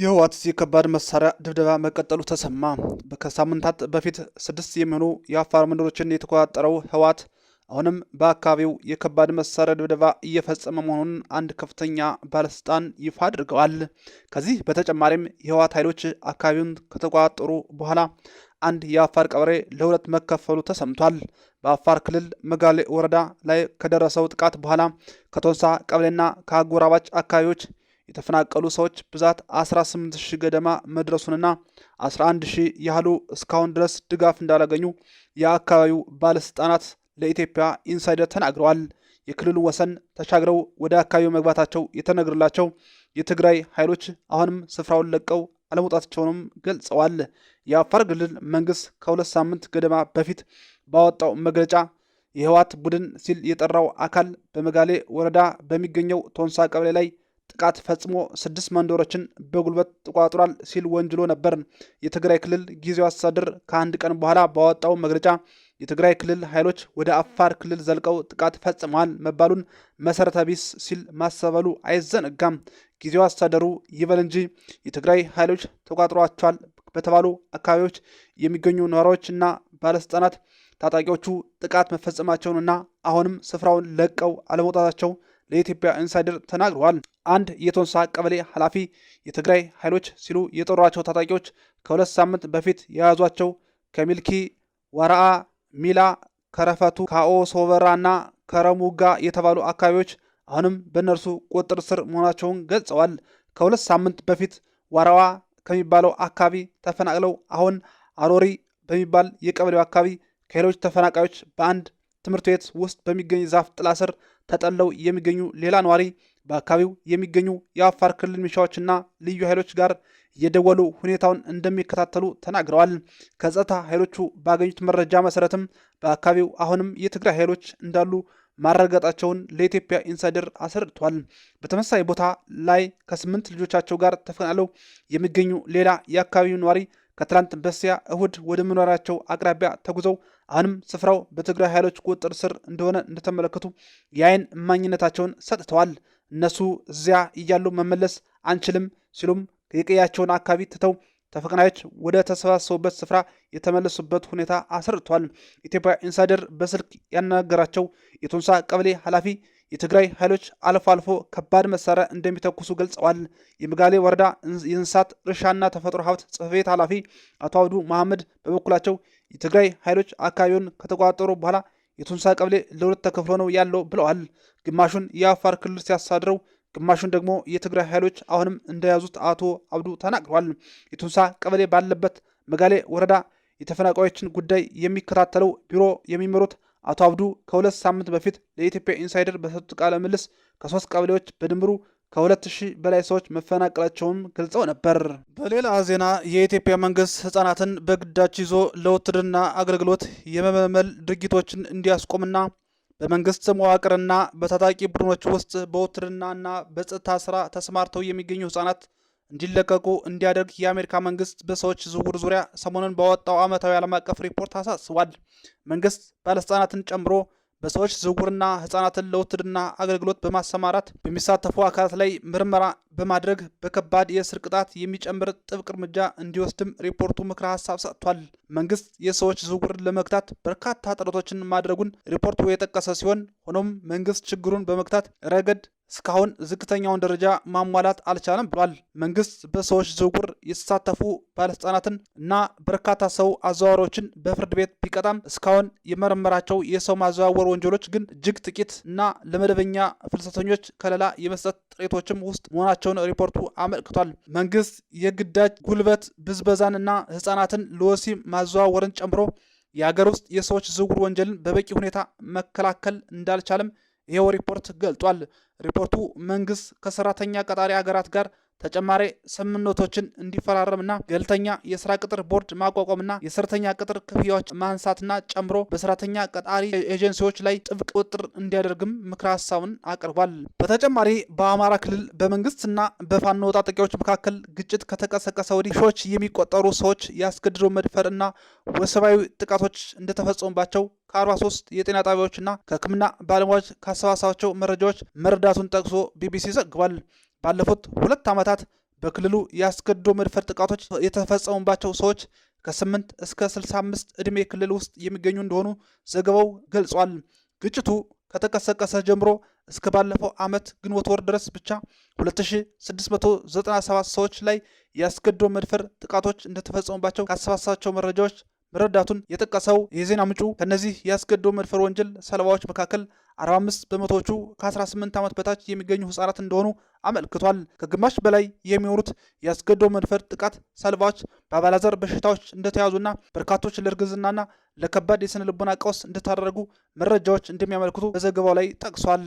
የህወሓት የከባድ መሳሪያ ድብደባ መቀጠሉ ተሰማ። ከሳምንታት በፊት ስድስት የሚሆኑ የአፋር መንደሮችን የተቆጣጠረው ህወሓት አሁንም በአካባቢው የከባድ መሳሪያ ድብደባ እየፈጸመ መሆኑን አንድ ከፍተኛ ባለስልጣን ይፋ አድርገዋል። ከዚህ በተጨማሪም የህወሓት ኃይሎች አካባቢውን ከተቆጣጠሩ በኋላ አንድ የአፋር ቀበሌ ለሁለት መከፈሉ ተሰምቷል። በአፋር ክልል መጋሌ ወረዳ ላይ ከደረሰው ጥቃት በኋላ ከቶንሳ ቀበሌና ከአጎራባች አካባቢዎች የተፈናቀሉ ሰዎች ብዛት 18 ሺህ ገደማ መድረሱንና 11 ሺህ ያህሉ እስካሁን ድረስ ድጋፍ እንዳላገኙ የአካባቢው ባለስልጣናት ለኢትዮጵያ ኢንሳይደር ተናግረዋል። የክልሉ ወሰን ተሻግረው ወደ አካባቢው መግባታቸው የተነግርላቸው የትግራይ ኃይሎች አሁንም ስፍራውን ለቀው አለመውጣታቸውንም ገልጸዋል። የአፋር ክልል መንግስት ከሁለት ሳምንት ገደማ በፊት ባወጣው መግለጫ የህወሓት ቡድን ሲል የጠራው አካል በመጋሌ ወረዳ በሚገኘው ቶንሳ ቀበሌ ላይ ጥቃት ፈጽሞ ስድስት መንደሮችን በጉልበት ተቋጥሯል ሲል ወንጅሎ ነበር። የትግራይ ክልል ጊዜያዊ አስተዳደር ከአንድ ቀን በኋላ ባወጣው መግለጫ የትግራይ ክልል ኃይሎች ወደ አፋር ክልል ዘልቀው ጥቃት ፈጽመዋል መባሉን መሰረተ ቢስ ሲል ማሰበሉ አይዘነጋም። ጊዜው አስተዳደሩ ይበል እንጂ የትግራይ ኃይሎች ተቋጥሯቸዋል። በተባሉ አካባቢዎች የሚገኙ እና ባለስልጣናት ታጣቂዎቹ ጥቃት መፈጸማቸውንና አሁንም ስፍራውን ለቀው አለመውጣታቸው ለኢትዮጵያ ኢንሳይደር ተናግረዋል። አንድ የቶንሳ ቀበሌ ኃላፊ የትግራይ ኃይሎች ሲሉ የጠሯቸው ታጣቂዎች ከሁለት ሳምንት በፊት የያዟቸው ከሚልኪ ወረአ፣ ሚላ፣ ከረፈቱ፣ ካኦ እና ከረሙጋ የተባሉ አካባቢዎች አሁንም በእነርሱ ቁጥጥር ስር መሆናቸውን ገልጸዋል። ከሁለት ሳምንት በፊት ዋራዋ ከሚባለው አካባቢ ተፈናቅለው አሁን አሮሪ በሚባል የቀበሌው አካባቢ ከሌሎች ተፈናቃዮች በአንድ ትምህርት ቤት ውስጥ በሚገኝ ዛፍ ጥላ ስር ተጠለው የሚገኙ ሌላ ነዋሪ በአካባቢው የሚገኙ የአፋር ክልል ሚሊሻዎችና ልዩ ኃይሎች ጋር እየደወሉ ሁኔታውን እንደሚከታተሉ ተናግረዋል። ከጸጥታ ኃይሎቹ ባገኙት መረጃ መሰረትም በአካባቢው አሁንም የትግራይ ኃይሎች እንዳሉ ማረጋጣቸውን ለኢትዮጵያ ኢንሳይደር አስረድቷል። በተመሳሳይ ቦታ ላይ ከስምንት ልጆቻቸው ጋር ተፈናቅለው የሚገኙ ሌላ የአካባቢው ነዋሪ ከትላንት በስቲያ እሁድ ወደ መኖሪያቸው አቅራቢያ ተጉዘው አሁንም ስፍራው በትግራይ ኃይሎች ቁጥጥር ስር እንደሆነ እንደተመለከቱ የአይን እማኝነታቸውን ሰጥተዋል። እነሱ እዚያ እያሉ መመለስ አንችልም ሲሉም የቀያቸውን አካባቢ ትተው ተፈናቃዮች ወደ ተሰባሰቡበት ስፍራ የተመለሱበት ሁኔታ አስረድቷል። ኢትዮጵያ ኢንሳይደር በስልክ ያናገራቸው የቶንሳ ቀበሌ ኃላፊ የትግራይ ኃይሎች አልፎ አልፎ ከባድ መሳሪያ እንደሚተኩሱ ገልጸዋል። የምጋሌ ወረዳ የእንስሳት እርሻና ተፈጥሮ ሀብት ጽሕፈት ቤት ኃላፊ አቶ አብዱ መሐመድ በበኩላቸው የትግራይ ኃይሎች አካባቢውን ከተቆጣጠሩ በኋላ የቱንሳ ቀበሌ ለሁለት ተከፍሎ ነው ያለው ብለዋል። ግማሹን የአፋር ክልል ሲያሳድረው ግማሹን ደግሞ የትግራይ ኃይሎች አሁንም እንደያዙት አቶ አብዱ ተናግረዋል። የቱንሳ ቀበሌ ባለበት መጋሌ ወረዳ የተፈናቃዮችን ጉዳይ የሚከታተለው ቢሮ የሚመሩት አቶ አብዱ ከሁለት ሳምንት በፊት ለኢትዮጵያ ኢንሳይደር በሰጡት ቃለ ምልስ ከሶስት ቀበሌዎች በድምሩ ከሁለት ሺህ በላይ ሰዎች መፈናቀላቸውን ገልጸው ነበር። በሌላ ዜና የኢትዮጵያ መንግስት ህጻናትን በግዳጅ ይዞ ለውትድርና አገልግሎት የመመልመል ድርጊቶችን እንዲያስቆምና በመንግስት መዋቅርና በታጣቂ ቡድኖች ውስጥ በውትድርናና በጸጥታ ስራ ተሰማርተው የሚገኙ ህጻናት እንዲለቀቁ እንዲያደርግ የአሜሪካ መንግስት በሰዎች ዝውውር ዙሪያ ሰሞኑን በወጣው ዓመታዊ ዓለም አቀፍ ሪፖርት አሳስቧል። መንግስት ባለስልጣናትን ጨምሮ በሰዎች ዝውውርና ህጻናትን ለውትድና አገልግሎት በማሰማራት በሚሳተፉ አካላት ላይ ምርመራ በማድረግ በከባድ የእስር ቅጣት የሚጨምር ጥብቅ እርምጃ እንዲወስድም ሪፖርቱ ምክረ ሀሳብ ሰጥቷል። መንግስት የሰዎች ዝውውርን ለመግታት በርካታ ጥረቶችን ማድረጉን ሪፖርቱ የጠቀሰ ሲሆን ሆኖም መንግስት ችግሩን በመግታት ረገድ እስካሁን ዝቅተኛውን ደረጃ ማሟላት አልቻለም ብሏል። መንግስት በሰዎች ዝውውር የተሳተፉ ባለስልጣናትን እና በርካታ ሰው አዘዋዋሪዎችን በፍርድ ቤት ቢቀጣም እስካሁን የመረመራቸው የሰው ማዘዋወር ወንጀሎች ግን እጅግ ጥቂት እና ለመደበኛ ፍልሰተኞች ከለላ የመስጠት ጥሬቶችም ውስጥ መሆናቸው መሆናቸውን ሪፖርቱ አመልክቷል። መንግስት የግዳጅ ጉልበት ብዝበዛንና ህጻናትን ለወሲብ ማዘዋወርን ጨምሮ የአገር ውስጥ የሰዎች ዝውውር ወንጀልን በበቂ ሁኔታ መከላከል እንዳልቻለም ይኸው ሪፖርት ገልጧል። ሪፖርቱ መንግስት ከሰራተኛ ቀጣሪ ሀገራት ጋር ተጨማሪ ስምምነቶችን እንዲፈራረምና ገለልተኛ የስራ ቅጥር ቦርድ ማቋቋምና የሰራተኛ ቅጥር ክፍያዎች ማንሳትና ጨምሮ በሰራተኛ ቀጣሪ ኤጀንሲዎች ላይ ጥብቅ ቁጥጥር እንዲያደርግም ምክረ ሀሳቡን አቅርቧል። በተጨማሪ በአማራ ክልል በመንግስትና በፋኖ ታጣቂዎች መካከል ግጭት ከተቀሰቀሰ ወዲህ ሺዎች የሚቆጠሩ ሰዎች ያስገድዶ መድፈር እና ወሲባዊ ጥቃቶች እንደተፈጸሙባቸው ከ43 የጤና ጣቢያዎችና ከሕክምና ባለሙያዎች ካሰባሰባቸው መረጃዎች መረዳቱን ጠቅሶ ቢቢሲ ዘግቧል። ባለፉት ሁለት ዓመታት በክልሉ የአስገድዶ መድፈር ጥቃቶች የተፈጸሙባቸው ሰዎች ከ8 እስከ 65 ዕድሜ ክልል ውስጥ የሚገኙ እንደሆኑ ዘገባው ገልጿል። ግጭቱ ከተቀሰቀሰ ጀምሮ እስከ ባለፈው ዓመት ግንቦት ወር ድረስ ብቻ 2697 ሰዎች ላይ የአስገድዶ መድፈር ጥቃቶች እንደተፈጸሙባቸው ካሰባሰባቸው መረጃዎች መረዳቱን የጠቀሰው የዜና ምንጩ ከእነዚህ የአስገድዶ መድፈር ወንጀል ሰለባዎች መካከል 45 በመቶዎቹ ከ18 ዓመት በታች የሚገኙ ህጻናት እንደሆኑ አመልክቷል። ከግማሽ በላይ የሚሆኑት የአስገድዶ መድፈር ጥቃት ሰለባዎች በአባላዘር በሽታዎች እንደተያዙና በርካቶች ለእርግዝናና ለከባድ የስነ ልቦና ቀውስ እንደታደረጉ መረጃዎች እንደሚያመልክቱ በዘገባው ላይ ጠቅሷል።